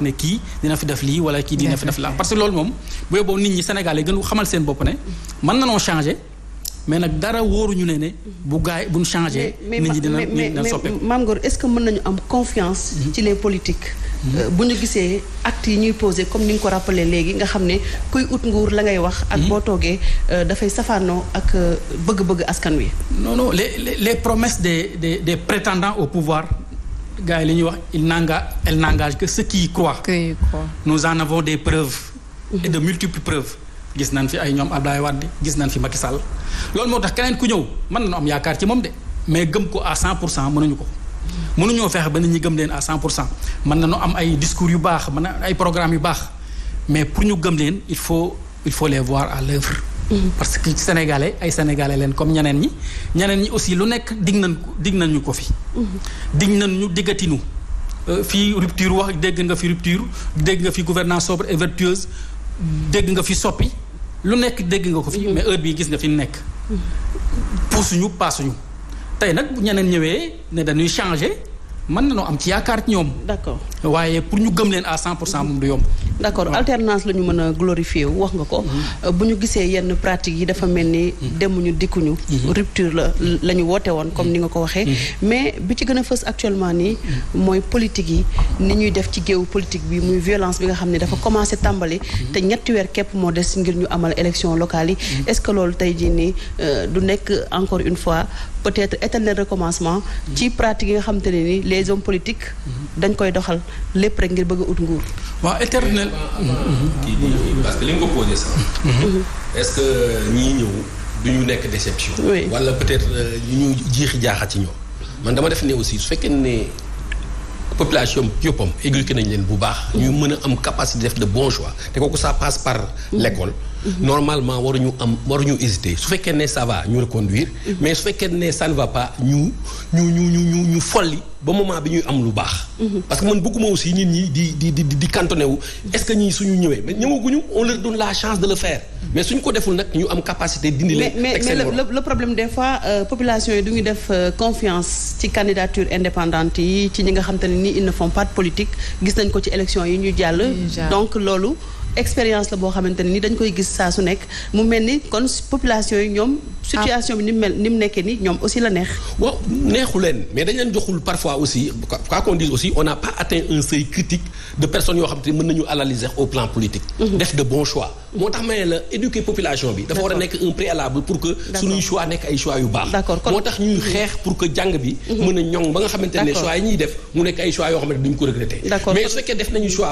wax ne kii dina fi def lii wala kii dina fi def la parce que loolu moom bu yóbboo nit ñi Sénégal yi gën xamal seen bopp ne mën na noo changer mais nag dara wóoruñu ne ne bu gaay bu ñu changé nit ñi dina dina soppeeku mais Mame Ngor est-ce que mën nañu am confiance mhm. ci les politiques mhm. euh, bu ñu gisee actes yi ñuy posé comme ni nga ko rappelé léegi nga xam ne kuy ut nguur la ngay wax ak mhm. boo toogee euh, dafay safaanoo ak euh, bëgg-bëgg askan wi non le les les de des des des prétendants gars yi li ñuy wax il n'engage elle n'engage que ceux nous en avons des preuves. de multiples preuves. gis nañ fi ay ñoom Abdoulaye Wade gis nañ fi Macky Sall loolu moo tax keneen ku ñëw mën nañu am yaakaar ci moom de mais gëm ko à 100 pour cent mënuñu ko. mënuñoo fexe ba nit ñi gëm leen à 100 pour cent mën nañu am ay discours yu baax mën na ay programmes yu baax mais pour ñu gëm leen il faut il faut les voir à l'œuvre parce que sénégalais ay sénégalais leen comme ñeneen ñi ñeneen ñi aussi lu nekk dig nañ ko dig nañ ñu ko fi. dig nañ ñu diggatinu euh, fii rupture wax dégg nga fi rupture dégg nga fi gouvernance sobre et dégg nga fi soppi lu nekk dégg nga ko fi. Mm-hmm. mais heure bii gis nga fi nekk. Mm-hmm. puusuñu paasuñu tey nag ñeneen ñëwee ne dañuy changer mën na nañoo am ci yaakaar ci ñoom. d'accord. waaye pour ñu gëm leen à 100 pour cent moom du yomb. d' alternance la ñu mën a glorifier wax nga ko. Mhm. Euh, bu ñu gisee yenn pratiques yi dafa mel ni. Mhm. demuñu dikkuñu. Mhm. rupture la la ñu woote woon comme ni nga ko waxee. mais bi ci gën a fës actuellement nii. mooy politique yi ni ñuy def ci géewu politique bi muy violence bi nga xam ne dafa commencé tàmbali. te ñetti weer képp moo des ngir ñu amal élection locale yi. est ce que loolu tey jii nii euh, du nekk encore une fois peut être éternel recommencement. ci pratique yi nga xamante ne les hommes politiques. dañ koy doxal lépp rek ngir bëgg a ut nguur. waaw éternel. kii nii parce que li mm-hmm. est-ce que ñii ñëw du ñu nekk déception. wala peut-être euh, ñu jiixi jaaxal ci ñoom. man dama def ne aussi su fekkee ne population yëppam éduqué nañ leen bu baax. ñu mm-hmm. mën a am capacité def de bon choix te kooku ça passe par mm-hmm. l'école. normalement waruñu am ñu hésiter su fekkee ne ça ñu ñu reconduire. mais su fekkee ne ça ne ñu pas ñu ñu ñu ñu ñu folli. ba moment bi ñuy am lu baax. parce que man bëgguma aussi nit ñi di di di di cantonné wu. est-ce que ñii suñu ñëwee mais ñëwaguñu on leur donne la chance de le faire. mais suñ ko deful nag ñu am capacité dindi leen. mais mais le problème des fois euh, population yi du ñu def euh, confiance ci candidature indépendante yi ci ñi nga xam te ne nii ils ne font gis nañ ko ci élection yi ñu jàll. donc loolu. expérience la boo xamante ne ni dañ koy gis saa su nekk mu mel ni kon population yi ñoom. situation bi ni mu mel nekkee ni ñoom aussi la neex. waaw neexu leen mais dañ leen joxul parfois aussi quoi qu'on dise aussi on n'a pas atteint un seuil critique de personnes yoo xam te mën nañu analyser au plan politique. Mhm. def de bons a nekk un préalable pour que. nekk ay choix mhm. a ñoŋ ba nga nekk ay su fekkee